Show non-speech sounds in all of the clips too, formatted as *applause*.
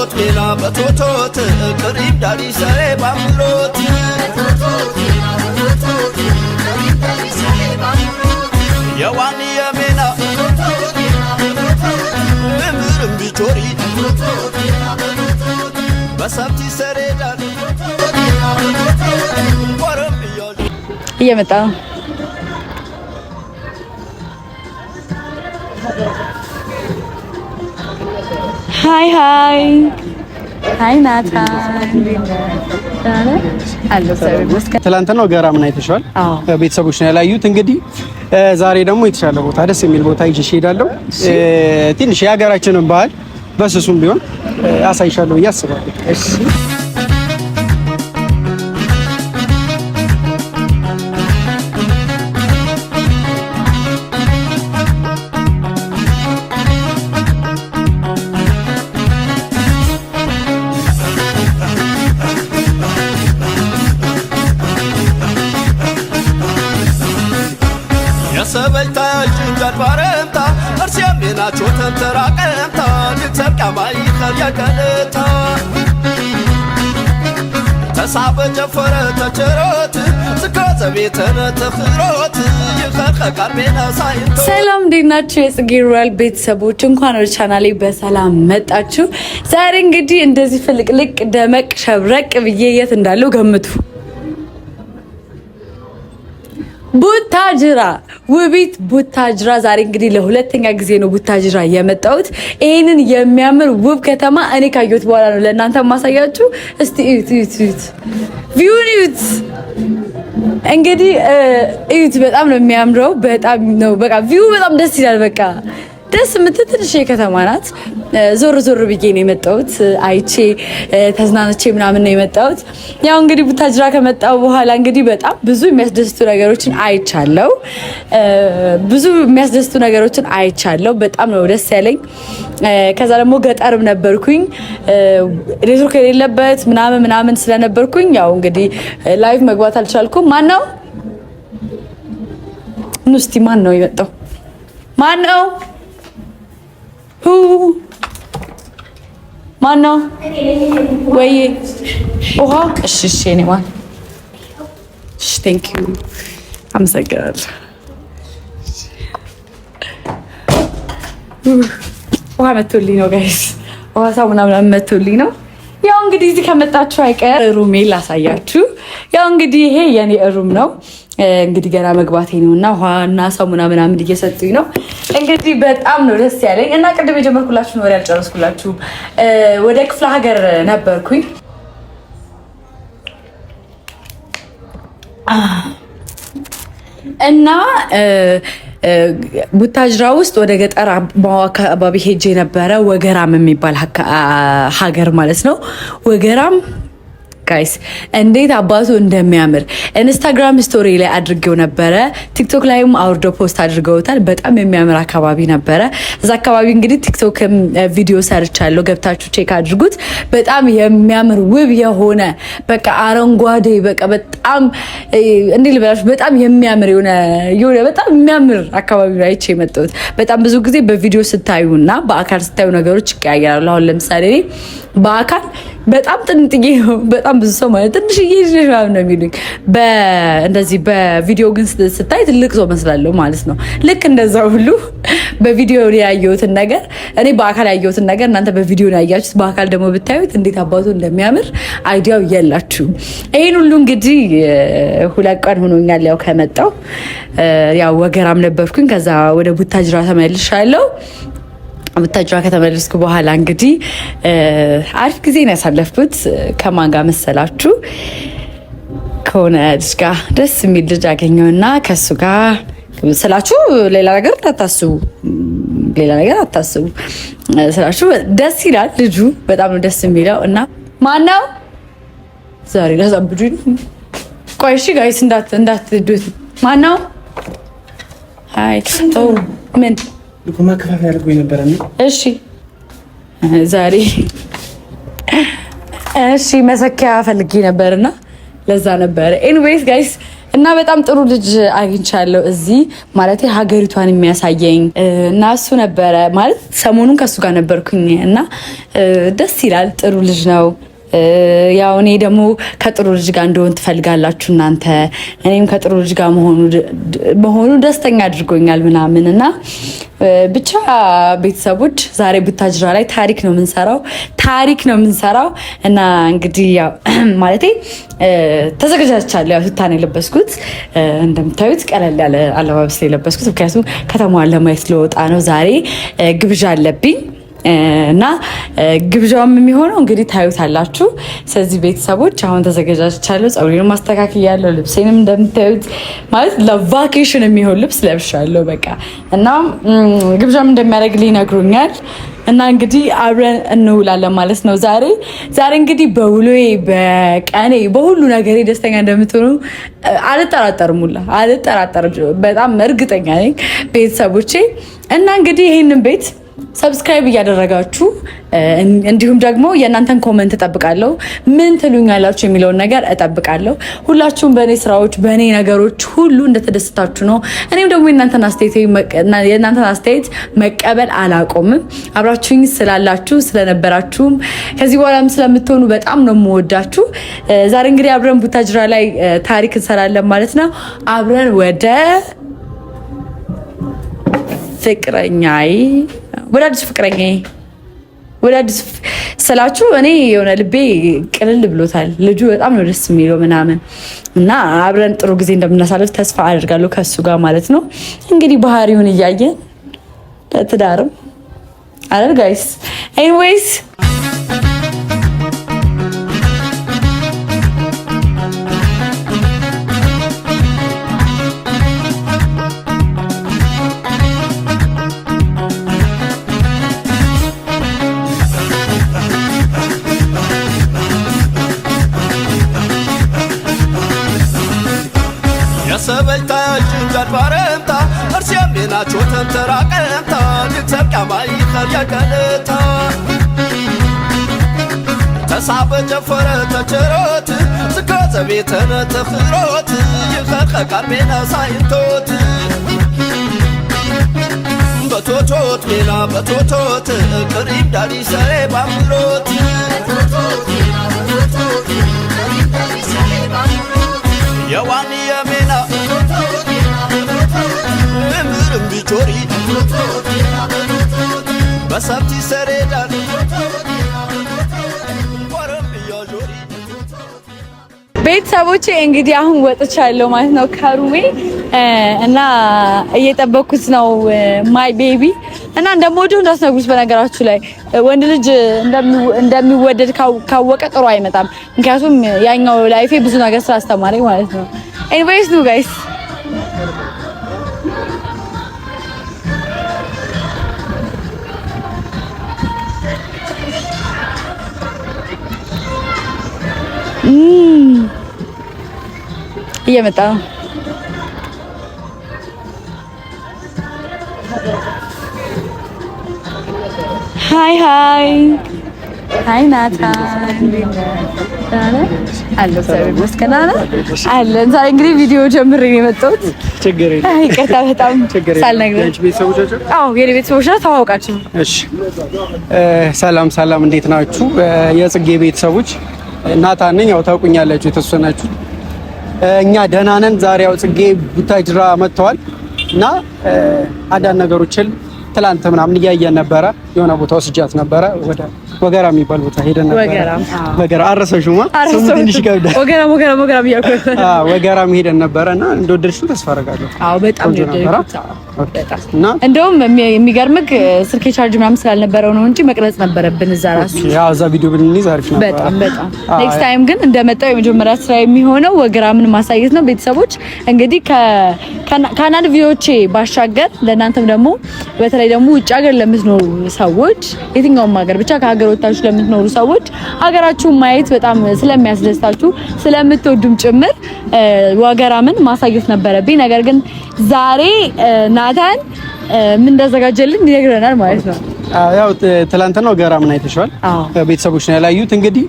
በቶቶት ሌላ በቶቶት ቅሪም ቀሪብ ሰሬ ባምሎት የዋኒ የሜና ምምርም ቢቾሪ በሰብቲ ሰሬዳ እየመጣ ነው ሀይ ሀይ ሀይ ናታ ትላንትና ገራ ምን አይተሽዋል? ቤተሰቦች ነው ያላዩት። እንግዲህ ዛሬ ደግሞ የተሻለ ቦታ ደስ የሚል ቦታ ይዤሽ እሄዳለሁ። ትንሽ የሀገራችንን ባህል በስሱም ቢሆን አሳይሻለሁ ብዬ አስባለሁ። ሰላም እንዴት ናችሁ? የጽጌ ሮያል ቤተሰቦች እንኳን ወደ ቻናሌ በሰላም መጣችሁ። ዛሬ እንግዲህ እንደዚህ ፍልቅልቅ ደመቅ ሸብረቅ ብዬ የት እንዳለው ገምቱ። ቡታጅራ ውቢት ቡታጅራ ዛሬ እንግዲህ ለሁለተኛ ጊዜ ነው ቡታጅራ የመጣሁት። ይህንን የሚያምር ውብ ከተማ እኔ ካየሁት በኋላ ነው ለእናንተ ማሳያችሁ። እስቲ እዩት፣ እዩት፣ እዩት፣ ቪውን እዩት። እንግዲህ እዩት፣ በጣም ነው የሚያምረው። በጣም ነው በቃ ቪው በጣም ደስ ይላል። በቃ ደስ የምትል ትንሽ ከተማ ናት። ዞር ዞር ብዬ ነው የመጣሁት። አይቼ ተዝናንቼ ምናምን ነው የመጣሁት። ያው እንግዲህ ቡታጅራ ከመጣሁ በኋላ እንግዲህ በጣም ብዙ የሚያስደስቱ ነገሮችን አይቻለሁ። ብዙ የሚያስደስቱ ነገሮችን አይቻለሁ። በጣም ነው ደስ ያለኝ። ከዛ ደግሞ ገጠርም ነበርኩኝ ኔትወርክ የሌለበት ምናምን ምናምን ስለነበርኩኝ ያው እንግዲህ ላይቭ መግባት አልቻልኩም። ማን ነው ኑስቲ ማን ነው የመጣው? ማን ነው ሁ ማነው? ወይ ውሃ። እሺ፣ እሺ፣ እኔ ማን? እሺ፣ ቴንክ ዩ አመሰግናለሁ። ውሃ መቶልኝ ነው ጋይስ፣ ውሃ ሰው ምናምን መቶልኝ ነው። ያው እንግዲህ እዚህ ከመጣችሁ አይቀር ሩሜ ላሳያችሁ። ያው እንግዲህ ይሄ የኔ ሩም ነው። እንግዲህ ገና መግባቴ ነው እና ውሃና ሳሙና ምናምን እየሰጡኝ ነው። እንግዲህ በጣም ነው ደስ ያለኝ እና ቅድም የጀመርኩላችሁ ወሬ አልጨረስኩላችሁም። ወደ ክፍለ ሀገር ነበርኩኝ እና ቡታጅራ ውስጥ ወደ ገጠር አካባቢ ሄጄ ነበረ። ወገራም የሚባል ሀገር ማለት ነው። ወገራም ጋይስ እንዴት አባቱ እንደሚያምር ኢንስታግራም ስቶሪ ላይ አድርገው ነበረ። ቲክቶክ ላይም አውርዶ ፖስት አድርገውታል። በጣም የሚያምር አካባቢ ነበረ። እዛ አካባቢ እንግዲህ ቲክቶክም ቪዲዮ ሰርቻለሁ፣ ገብታችሁ ቼክ አድርጉት። በጣም የሚያምር ውብ የሆነ በቃ አረንጓዴ በቃ በጣም እንዴ ልበላችሁ በጣም የሚያምር የሆነ የሆነ በጣም የሚያምር አካባቢ ላይ አይቼ የመጣሁት በጣም ብዙ ጊዜ በቪዲዮ ስታዩና በአካል ስታዩ ነገሮች ይቀያየራሉ። አሁን ለምሳሌ በአካል በጣም ጥንጥዬ ነው። በጣም ብዙ ሰው ማለት ትንሽዬ ነው የሚሉኝ። እንደዚህ በቪዲዮ ግን ስታይ ትልቅ ሰው መስላለሁ ማለት ነው። ልክ እንደዛ ሁሉ በቪዲዮ ያየሁትን ነገር እኔ በአካል ያየሁትን ነገር እናንተ በቪዲዮ ያያችሁት በአካል ደግሞ ብታዩት እንዴት አባቱ እንደሚያምር አይዲያው እያላችሁ ይህን ሁሉ እንግዲህ ሁለት ቀን ሆኖኛል ያው ከመጣው ያው ወገራም ነበርኩኝ። ከዛ ወደ ቡታጅራ ተመልሻለሁ። ብታጅራ ከተመለስኩ በኋላ እንግዲህ አሪፍ ጊዜ ነው ያሳለፍኩት። ከማን ጋር መሰላችሁ? ከሆነ ልጅ ጋር ደስ የሚል ልጅ አገኘው እና ከእሱ ጋር ስላችሁ ሌላ ነገር እንዳታስቡ፣ ሌላ ነገር አታስቡ ስላችሁ ደስ ይላል። ልጁ በጣም ነው ደስ የሚለው እና ማን ነው ዛሬ ላዛብዱ ቆይ፣ እሺ ጋይስ እንዳትዱት። ማን ነው? አይ ምን ማከፋፈል ያደርገው የነበረ እሺ፣ ዛሬ እሺ፣ መሰኪያ ፈልጌ ነበርና ለዛ ነበረ። ኤኒዌይስ ጋይስ እና በጣም ጥሩ ልጅ አግኝቻለሁ እዚህ ማለት ሀገሪቷን የሚያሳየኝ እና እሱ ነበረ ማለት ሰሞኑን ከሱ ጋር ነበርኩኝ እና ደስ ይላል። ጥሩ ልጅ ነው። ያው እኔ ደግሞ ከጥሩ ልጅ ጋር እንደሆን ትፈልጋላችሁ እናንተ። እኔም ከጥሩ ልጅ ጋር መሆኑ ደስተኛ አድርጎኛል ምናምን እና ብቻ ቤተሰቦች ዛሬ ቡታጅራ ላይ ታሪክ ነው የምንሰራው፣ ታሪክ ነው የምንሰራው እና እንግዲህ ያው *clears throat* ማለቴ ተዘጋጃቻለሁ። ያው ሱታን የለበስኩት እንደምታዩት ቀለል ያለ አለባበስ የለበስኩት ምክንያቱም ከተማዋን ለማየት ለወጣ ነው። ዛሬ ግብዣ አለብኝ እና ግብዣውም የሚሆነው እንግዲህ ታዩታላችሁ። ስለዚህ ቤተሰቦች አሁን ተዘጋጃችቻለሁ። ጸጉሬን ማስተካከል ያለው ልብሴንም እንደምታዩት ማለት ለቫኬሽን የሚሆን ልብስ ለብሻለሁ። በቃ እና ግብዣም እንደሚያደርግልኝ ይነግሩኛል። እና እንግዲህ አብረን እንውላለን ማለት ነው። ዛሬ ዛሬ እንግዲህ በውሎዬ በቀኔ በሁሉ ነገሬ ደስተኛ እንደምትሆኑ አልጠራጠርም፣ ሁላ አልጠራጠርም፣ በጣም እርግጠኛ ነኝ ቤተሰቦቼ እና እንግዲህ ይህንን ቤት ሰብስክራይብ እያደረጋችሁ እንዲሁም ደግሞ የእናንተን ኮመንት እጠብቃለሁ። ምን ትሉኛላችሁ የሚለውን ነገር እጠብቃለሁ። ሁላችሁም በእኔ ስራዎች፣ በእኔ ነገሮች ሁሉ እንደተደሰታችሁ ነው። እኔም ደግሞ የእናንተን አስተያየት መቀበል አላቆምም። አብራችሁኝ ስላላችሁ ስለነበራችሁም ከዚህ በኋላም ስለምትሆኑ በጣም ነው የምወዳችሁ። ዛሬ እንግዲህ አብረን ቡታጅራ ላይ ታሪክ እንሰራለን ማለት ነው። አብረን ወደ ፍቅረኛዬ ወደ አዲሱ ፍቅረኛዬ ወደ አዲሱ ስላችሁ እኔ የሆነ ልቤ ቅልል ብሎታል። ልጁ በጣም ነው ደስ የሚለው ምናምን እና አብረን ጥሩ ጊዜ እንደምናሳልፍ ተስፋ አድርጋለሁ ከሱ ጋር ማለት ነው። እንግዲህ ባህሪውን እያየን ለትዳርም ጋይስ ኤኒዌይስ ተነተፍሮት ይፈቀቃል ቤላ ሳይንቶት በቶቶት ቤላ በቶቶት ክሪም ዳዲሰ ባምሮ ቤተሰቦቼ እንግዲህ አሁን ወጥቻለሁ ማለት ነው ከሩሜ እና እየጠበኩት ነው ማይ ቤቢ እና እንደምወደው እንዳስነግሩት። በነገራችሁ ላይ ወንድ ልጅ እንደሚወደድ ካወቀ ጥሩ አይመጣም። ምክንያቱም ያኛው ላይፌ ብዙ ነገር ስላስተማረኝ ማለት ነው። ኤኒዌይስ ኑ ጋይስ እየመጣ ነው። ሀይ ሀይ ሀይ ናታን አለ ዛሬ እንግዲህ ቪዲዮ ጀምሬ ነው የመጣሁት። ይቅርታ በጣም ሳልነግረን። የኔ ቤተሰቦች ናቸው፣ ታዋወቃቸው። እሺ ሰላም ሰላም፣ እንዴት ናችሁ eh, የጽጌ ቤተሰቦች? Eh, ናታን ነኝ። ያው ታውቁኛላችሁ የተወሰናችሁ እኛ ደህና ነን። ዛሬ ያው ጽጌ ቡታጅራ መጥተዋል እና አንዳንድ ነገሮችን ትላንት ምናምን እያየን ነበረ። የሆነ ቦታ ወስጃት ነበረ። ወደ ወገራ የሚባል ቦታ ሄደን ነበረ። ወገራ አረሰሽማ? ስሙ ትንሽ ይከብዳል። ወገራ ወገራ ወገራ እያልኩ *laughs* አዎ፣ ወገራም ሄደን ነበረ እና እንደወደድሽው ተስፋ አደርጋለሁ። አዎ፣ በጣም እንደወደድኩት። እንደውም የሚገርምህ ስልኬ ቻርጅ ምናምን ስላልነበረው ነው እንጂ መቅረጽ ነበረብን እዛ ራሱ። ያው እዛ ቪዲዮ ብንይዝ አሪፍ ነበር። በጣም በጣም። ኔክስት ታይም ግን እንደመጣው የመጀመሪያ ስራ የሚሆነው ወገራ ምን ማሳየት ነው። ቤተሰቦች እንግዲህ ከአንዳንድ ቪዲዮቼ ባሻገር ለእናንተም ደግሞ በተለይ ደግሞ ውጭ ሀገር ለምትኖሩ ሰዎች የትኛውም ሀገር ብቻ ከሀገር ወታችሁ ለምትኖሩ ሰዎች ሀገራችሁን ማየት በጣም ስለሚያስደስታችሁ ስለምትወዱም ጭምር ወገራምን ማሳየት ነበረብኝ። ነገር ግን ዛሬ ናታን ምን እንዳዘጋጀልን ይነግረናል ማለት ነው። ያው ትላንትና ወገራምን አይተሽዋል፣ ቤተሰቦች ነው ያላዩት። እንግዲህ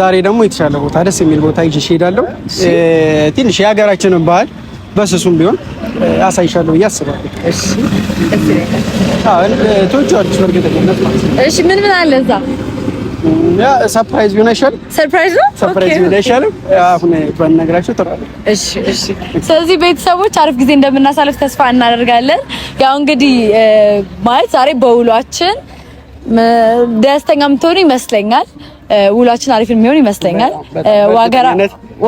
ዛሬ ደግሞ የተሻለ ቦታ፣ ደስ የሚል ቦታ ይዤሽ እሄዳለሁ። ትንሽ የሀገራችንን ባህል በስሱም ቢሆን አሳይሻለሁ ብዬ አስባለሁ። እሺ ተወጪዋለሽ በእርግጠኝነት ማለት ነው። እሺ ምን ምን አለ እዛ? ሰርፕራይዝ ቢሆን አይሻልም? ሰርፕራይዝ ነው። ሰርፕራይዝ ቢሆን አይሻልም? አሁን ባንነግራቸው ጥሩ አለ። እሺ እሺ። ስለዚህ ቤተሰቦች አሪፍ ጊዜ እንደምናሳልፍ ተስፋ እናደርጋለን። ያው እንግዲህ ማለት ዛሬ በውሏችን ደስተኛ የምትሆኑ ይመስለኛል። ውሏችን አሪፍ የሚሆን ይመስለኛል።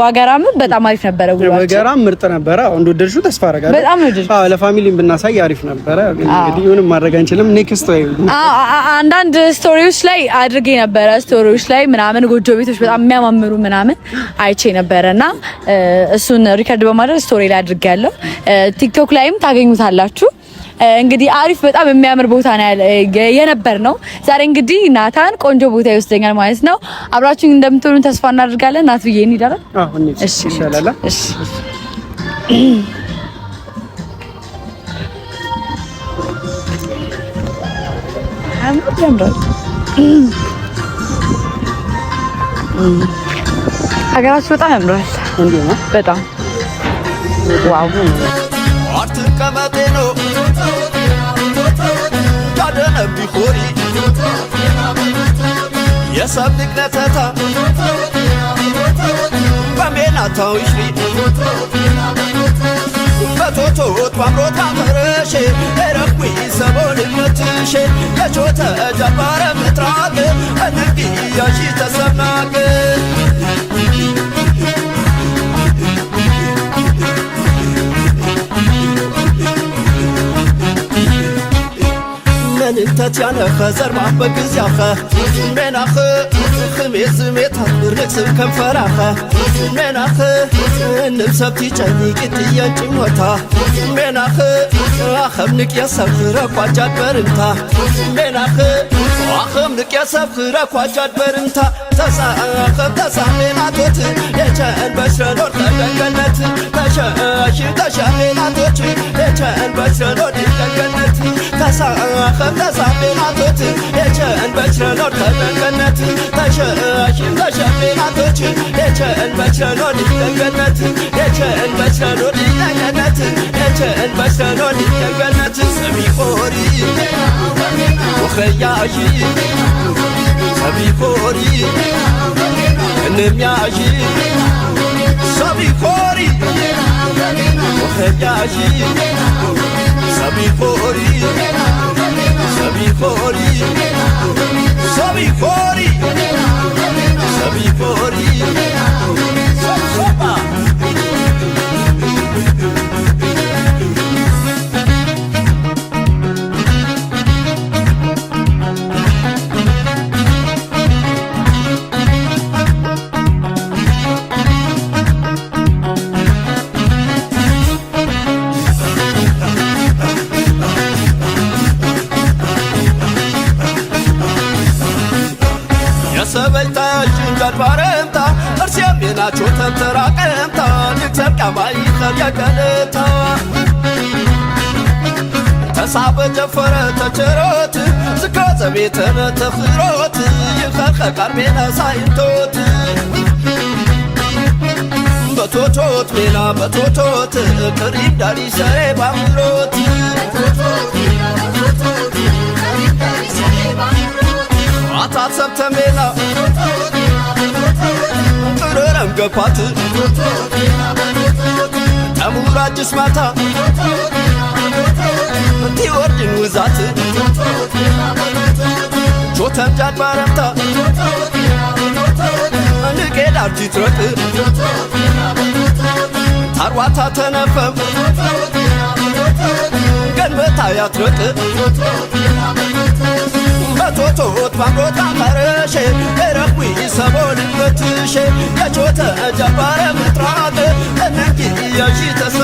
ዋገራም በጣም አሪፍ ነበረ። ዋገራም ምርጥ ነበረ። እንደወደድሽው ተስፋ አደርጋለሁ። በጣም ነው ለፋሚሊም ብናሳይ አሪፍ ነበረ። እንግዲህ ምንም ማድረግ አንችልም። ኔክስት ወይ አንዳንድ ስቶሪዎች ላይ አድርጌ ነበረ። ስቶሪዎች ላይ ምናምን ጎጆ ቤቶች በጣም የሚያማምሩ ምናምን አይቼ ነበረ እና እሱን ሪከርድ በማድረግ ስቶሪ ላይ አድርጌ ያለው ቲክቶክ ላይም ታገኙታላችሁ። እንግዲህ አሪፍ በጣም የሚያምር ቦታ የነበር ነው። ዛሬ እንግዲህ ናታን ቆንጆ ቦታ ይወስደኛል ማለት ነው። አብራችሁ እንደምትሆኑ ተስፋ እናደርጋለን። ናት ብዬ እንሄዳለን። እሺ እሺ ሀገራችሁ በጣም ያምራል። በጣም ዋው አትቀመጤኖ ያደነቢ ሆሪ የሰብ ንቅነተታ በሜናታዊሽ በቶቶት ባምሮታ መረሼ ኤረኩ ሰቦን መትሼ የቾተ ጀባረ ምጥራቅ እንግዲያሺ ተሰማቅ Tatiana, Hazar, Mahbek, Ziyaka, Yüzüm ben akı ዝኽም የስሜት ርክስብ ከንፈራኸ ሜናኽ እንብሰብቲ ጨኒቂት እየጭሞታ ሜናኽ ኣኸምንቅ የሰብኽረ ኳጃድ በርምታ ሜናኽ ኣኸምንቅ የሰብኽረ ኳጃድ በርምታ ተሳኸም ተሳሜናቶት የቸአን በሽረኖር ተደገነት ተሸሽ ተሻሜናቶች የቸአን በሽረኖር ተደገነት ተሳኸም ተሳሜናቶት የቸአን በሽረኖር ተደገነት ተሸሽም ተሸፍናቶች የቸን በቸሎን ተገነት የቸን በቸሎን ተገነት የቸን በቸሎን ተገነት ሰሚቆሪ ወኸያሺ ሰሚቆሪ እንሚያሺ ሰሚቆሪ ወኸያሺ ሰሚቆሪ ሰሚቆሪ সবই করি সবই করি সব সবা ጸቤተ መተኽሮት ይኸኸቃቤና ሳይንቶት በቶቶት ቤና በቶቶት ቅሪብ ዳሪሰሬ ባምሎት አታት ሰብተሜና ቅረረም ገፓት ተሙራጅስ ማታ ብትወርድን ውዛት ጆተም ጃድ ባረምታ ንቄዳርቲ ትረጥ ታርዋታ ተነፈም ገንበታ ያትረጥ በቶቶት ባቆጣ መረሼ ረዊ ሰቦል በትሼ የጆተ ጀባረ ምጥራት እነጊ የሺ ተሰ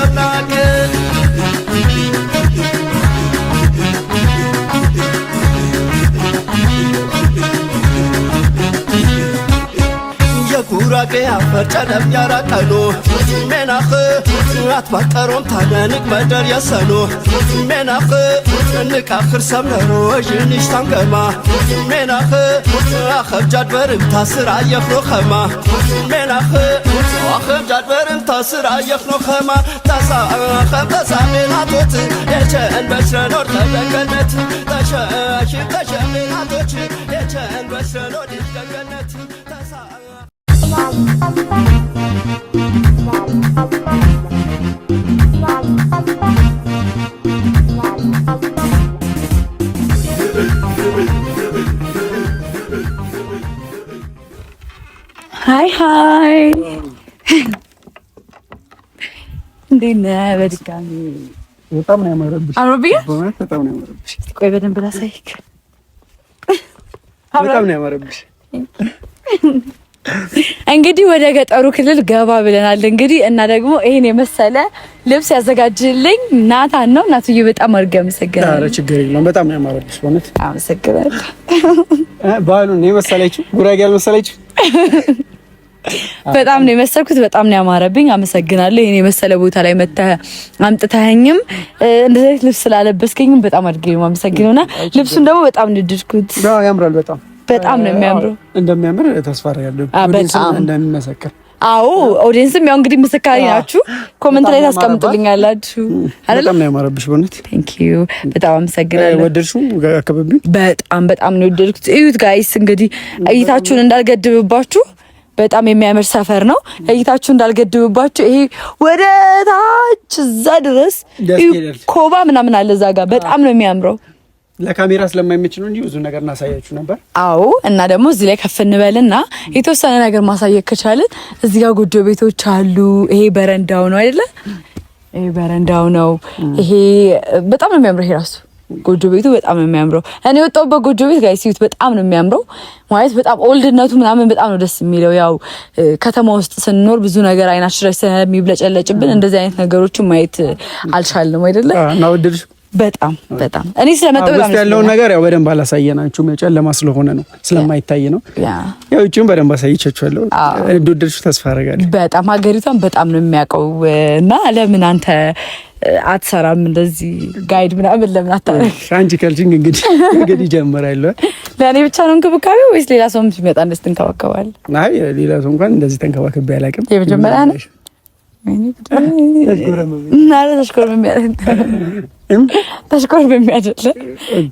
አፈር ጨለም ያራቀሉ ሜናኽ ኣትባጠሮም ታነንቅ መደር የሰኑ ሜናኽ እንቃኽር ሰምነሮ ዥንሽታን ገማ ሜናኽ ኣኸብጃድ በርምታ ስራ የኽኖ ኸማ ሜናኽ ኣኸብጃድ በርምታ ስራ የኽኖ ኸማ ታሳኸበሳ ሜናቶት የቸአን በስረኖር ተደገነት ተሸ ተሸ ሜናቶች የቸአን በስረኖር ይደገነት hi hi Dinle verirken. Eu também, mas era bicho. Arabi? Eu também, mas era bicho. Koy benim biraz ayık. Avrabi. Eu também, mas era bicho. እንግዲህ ወደ ገጠሩ ክልል ገባ ብለናል። እንግዲህ እና ደግሞ ይሄን የመሰለ ልብስ ያዘጋጅልኝ ናታን ነው። እናትዬ በጣም አድርጌ አመሰግናለሁ። ኧረ ችግር የለውም። በጣም ነው ያማረው። በእውነት አመሰግናለሁ። ባህሉን የመሰለችው ጉራጌ ያልመሰለችው በጣም ነው የመሰልኩት። በጣም ነው ያማረብኝ። አመሰግናለሁ። ይሄን የመሰለ ቦታ ላይ መተህ አምጥተኸኝም እንደዚህ ልብስ ስላለበስከኝም በጣም አድርጌ ነው የማመሰግነውና ልብሱን ደግሞ በጣም ንድድኩት። ያምራል በጣም በጣም ነው የሚያምሩ። እንደሚያምር ተስፋ አደርጋለሁ። በጣም እንደሚመሰክር አዎ ኦዲየንስም ያው እንግዲህ ምስካሪ ናችሁ። ኮመንት ላይ ታስቀምጡልኛላችሁ አይደል? በጣም ነው ያማረብሽ በእውነት ቴንክ ዩ በጣም አመሰግናለሁ። ወደድሽው አካባቢ በጣም በጣም ነው የወደድኩት። እዩት ጋይስ እንግዲህ እይታችሁን እንዳልገድብባችሁ በጣም የሚያምር ሰፈር ነው። እይታችሁ እንዳልገድብባችሁ ይሄ ወደ ታች እዛ ድረስ ኮባ ምናምን አለ እዛ ጋር በጣም ነው የሚያምረው። ለካሜራ ስለማይመች ነው እንጂ ብዙ ነገር እናሳያችሁ ነበር። አዎ። እና ደግሞ እዚህ ላይ ከፍ እንበልና የተወሰነ ነገር ማሳየት ከቻልን እዚህ ጋር ጎጆ ቤቶች አሉ። ይሄ በረንዳው ነው አይደለ? ይሄ በረንዳው ነው። ይሄ በጣም ነው የሚያምረው። ይሄ ራሱ ጎጆ ቤቱ በጣም ነው የሚያምረው። እኔ የወጣሁበት ጎጆ ቤት ጋር ሲዩት በጣም ነው የሚያምረው። ማለት በጣም ኦልድነቱ ምናምን በጣም ነው ደስ የሚለው። ያው ከተማ ውስጥ ስንኖር ብዙ ነገር አይናችን ስለሚብለጨለጭብን እንደዚህ አይነት ነገሮችን ማየት አልቻልንም አይደለ? እና ወደድሽው በጣም በጣም እኔ ስለመጣሁ በጣም ያለውን ነገር ያው በደንብ አላሳየናችሁም። ጨለማ ስለሆነ ነው ስለማይታይ ነው። ያው እቺም በደንብ አሳይቻችኋለሁ። እንደወደዳችሁ ተስፋ አደርጋለሁ። በጣም ሀገሪቷን በጣም ነው የሚያውቀው እና ለምን አንተ አትሰራም እንደዚህ ጋይድ ምናምን ለምን አታረግ? አንቺ ካልሽኝ እንግዲህ *laughs* እንግዲህ ይጀምራል። ለእኔ ብቻ ነው እንክብካቤ ወይስ ሌላ ሰው ሲመጣ እንደዚህ ትንከባከባለህ? አይ ሌላ ሰው እንኳን እንደዚህ ተንከባክቤ አላውቅም። የመጀመሪያ ነው ተሽኮርምም አይደለም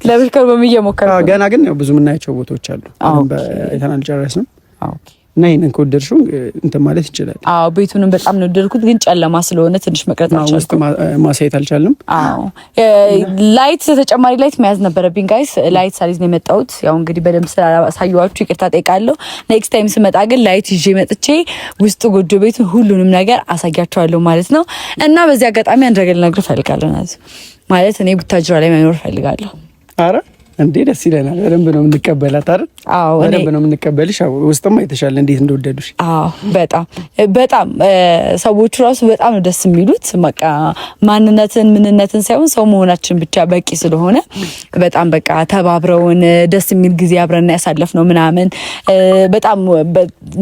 ለመሽኮርምም እየሞከርኩ ገና ግን ብዙ የምናያቸው ቦታዎች አሉ። አሁን አይተናል ጨረስንም። እና ይህንን ከወደድሽው እንትን ማለት ይችላል። አዎ ቤቱንም በጣም ነው የወደድኩት፣ ግን ጨለማ ስለሆነ ትንሽ መቅረጥ አልቻልኩም፣ ውስጥ ማሳየት አልቻልም። አዎ ላይት፣ ተጨማሪ ላይት መያዝ ነበረብኝ። ጋይስ ላይት ሳሊዝ ነው የመጣሁት። ያው እንግዲህ በደንብ ስላሳየኋችሁ ይቅርታ ጠይቃለሁ። ኔክስት ታይም ስመጣ ግን ላይት ይዤ መጥቼ ውስጥ ጎጆ ቤቱ ሁሉንም ነገር አሳያቸዋለሁ ማለት ነው። እና በዚህ አጋጣሚ አንድ ነገር ልነግርህ እፈልጋለሁ ማለት እኔ ቡታጅራ ላይ መኖር እፈልጋለሁ። አረ እንዴ ደስ ይለናል። በደንብ ነው የምንቀበላት አይደል? በደንብ ነው የምንቀበልሽ። ውስጥም አይተሻል እንዴት እንደወደዱሽ። በጣም በጣም ሰዎቹ ራሱ በጣም ነው ደስ የሚሉት። በቃ ማንነትን ምንነትን ሳይሆን ሰው መሆናችን ብቻ በቂ ስለሆነ በጣም በቃ ተባብረውን ደስ የሚል ጊዜ አብረን ያሳለፍ ነው ምናምን በጣም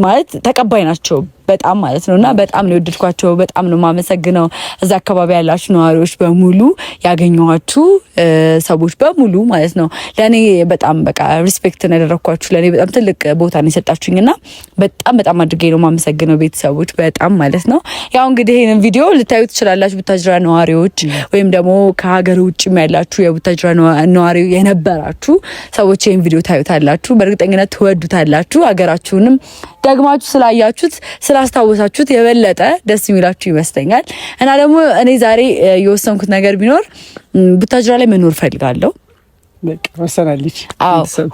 ማለት ተቀባይ ናቸው በጣም ማለት ነው እና በጣም ነው የወደድኳቸው። በጣም ነው የማመሰግነው እዛ አካባቢ ያላችሁ ነዋሪዎች በሙሉ ያገኘኋችሁ ሰዎች በሙሉ ማለት ነው ለእኔ በጣም በቃ ሪስፔክትን ያደረግኳቸው ስለገባችሁ ለእኔ በጣም ትልቅ ቦታ ነው የሰጣችሁኝ እና በጣም በጣም አድርጌ ነው የማመሰግነው ቤተሰቦች፣ በጣም ማለት ነው። ያው እንግዲህ ይህንን ቪዲዮ ልታዩ ትችላላችሁ ቡታጅራ ነዋሪዎች፣ ወይም ደግሞ ከሀገር ውጭም ያላችሁ የቡታጅራ ነዋሪ የነበራችሁ ሰዎች ይህን ቪዲዮ ታዩታላችሁ። በእርግጠኝነት ትወዱታላችሁ። ሀገራችሁንም ደግማችሁ ስላያችሁት ስላስታወሳችሁት የበለጠ ደስ የሚላችሁ ይመስለኛል እና ደግሞ እኔ ዛሬ የወሰንኩት ነገር ቢኖር ቡታጅራ ላይ መኖር ፈልጋለሁ።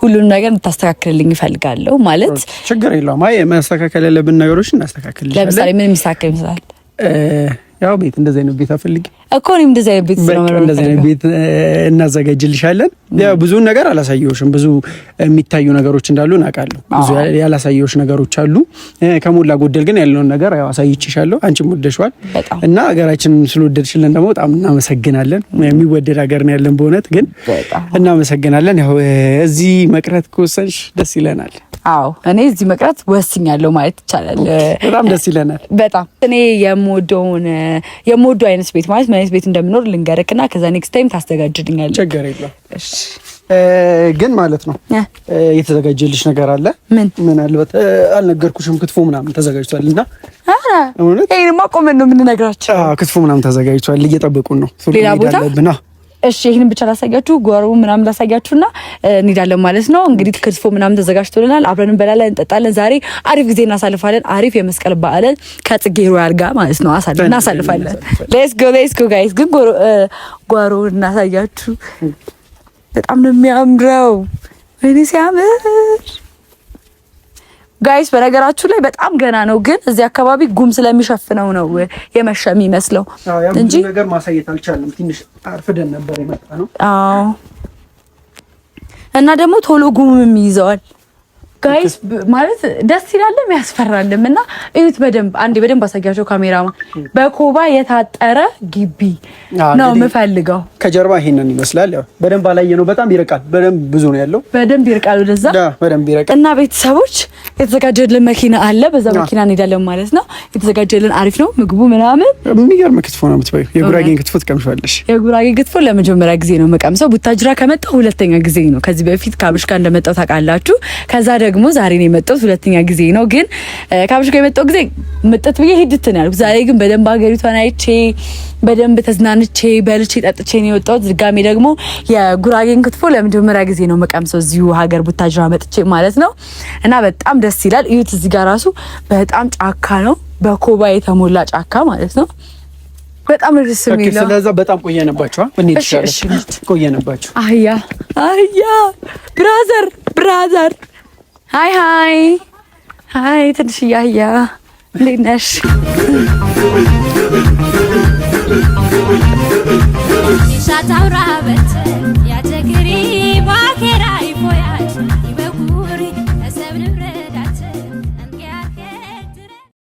ሁሉንም ነገር እንድታስተካክልልኝ ይፈልጋለሁ። ማለት ችግር የለውም። አይ መስተካከል ያለብን ነገሮች እናስተካክል። ለምሳሌ ምን የሚስተካከል ይመስላል? ያው ቤት እንደዚህ አይነት ቤት አፈልግ እኮ እኔም እንደዚህ አይነት ቤት ስለማመረ እንደዚህ አይነት ቤት እናዘጋጅልሻለን። ያው ብዙ ነገር አላሳየሁሽም። ብዙ የሚታዩ ነገሮች እንዳሉ እናውቃለሁ። ብዙ ያላሳየሁሽ ነገሮች አሉ። ከሞላ ጎደል ግን ያለውን ነገር ያው አሳይቼሻለሁ። አንቺም ወደድሽዋል እና ሀገራችንን ስለወደድሽልን ደግሞ በጣም እናመሰግናለን። የሚወደድ ሀገር ነው ያለን በእውነት ግን እናመሰግናለን። ያው እዚህ መቅረት ከወሰንሽ ደስ ይለናል። አዎ እኔ እዚህ መቅረት ወስኛለሁ ማለት ይቻላል። በጣም ደስ ይለናል። በጣም እኔ የምወደውን የምወደው አይነት ቤት ማለት ምን አይነት ቤት እንደምኖር ልንገርክና ከዛ ኔክስት ታይም ታስተጋጅልኛለህ። ችግር የለም። እሺ ግን ማለት ነው የተዘጋጀልሽ ነገር አለ። ምን ምናልባት አልነገርኩሽም። ክትፎ ምናምን ተዘጋጅቷል እና ይህንማ ቆመን ነው የምንነግራቸው። ክትፎ ምናምን ተዘጋጅቷል፣ እየጠበቁን ነው። ሌላ ቦታ እሺ ይህንን ብቻ ላሳያችሁ፣ ጓሮ ምናምን ላሳያችሁና እንሄዳለን ማለት ነው። እንግዲህ ክትፎ ምናምን ተዘጋጅቶልናል። አብረን እንበላለን፣ እንጠጣለን። ዛሬ አሪፍ ጊዜ እናሳልፋለን። አሪፍ የመስቀል በዓልን ከጽጌ ሮያል ጋር ማለት ነው እናሳልፋለን። ሌትስ ጎ ሌትስ ጎ ጋይስ። ግን ጓሮውን እናሳያችሁ። በጣም ነው የሚያምረው። ወይኔ ሲያምር ጋይስ በነገራችሁ ላይ በጣም ገና ነው፣ ግን እዚህ አካባቢ ጉም ስለሚሸፍነው ነው የመሸ የሚመስለው እንጂ ነገር ማሳየት አልቻለም። ትንሽ አርፍደን ነበር የመጣ ነው። አዎ። እና ደግሞ ቶሎ ጉምም ይዘዋል። ጋይስ ማለት ደስ ይላልም ያስፈራልም። እና እዩት በደንብ አንዴ በደንብ አሳያቸው ካሜራ። በኮባ የታጠረ ግቢ ነው የምፈልገው። ከጀርባ ይሄንን ይመስላል። ያው በደንብ አላየ ነው። በጣም ይርቃል። በደንብ ብዙ ነው ያለው። በደንብ ይርቃል ወደዛ በደንብ ይርቃል። እና ቤተሰቦች የተዘጋጀልን መኪና አለ። በዛ መኪና እንሄዳለን ማለት ነው። የተዘጋጀልን አሪፍ ነው ምግቡ ምናምን። የሚገርም ክትፎ ነው የምትበይው። የጉራጌን ክትፎ ትቀምሻለሽ። የጉራጌን ክትፎ ለመጀመሪያ ጊዜ ነው መቀምሰው። ቡታጅራ ከመጣሁ ሁለተኛ ጊዜ ነው። ከዚህ በፊት ከአብሽ ጋር እንደመጣሁ ታውቃላችሁ። ከዛ ደግሞ ዛሬ ነው የመጣሁት፣ ሁለተኛ ጊዜ ነው። ግን ከአብርሽ ጋር የመጣው ጊዜ መጠት ብዬ ሄድት ነው ያልኩት። ዛሬ ግን በደንብ ሀገሪቷን አይቼ በደንብ ተዝናንቼ በልቼ ጠጥቼ ነው የወጣሁት። ድጋሜ ደግሞ የጉራጌን ክትፎ ለመጀመሪያ ጊዜ ነው መቀምሰው እዚሁ ሀገር ቡታጅራ መጥቼ ማለት ነው። እና በጣም ደስ ይላል። እዩት፣ እዚህ ጋር ራሱ በጣም ጫካ ነው፣ በኮባ የተሞላ ጫካ ማለት ነው። በጣም ደስ የሚለው ስለዛ፣ በጣም ቆየንባችሁ። እሺ፣ ቆየንባችሁ። አህያ አህያ ብራዘር ብራዘር ሀይ ሀይ ሀይ ትንሽ እያያ እንዴት ነሽ? ሻታውራበት ያተግሪ ባኬራ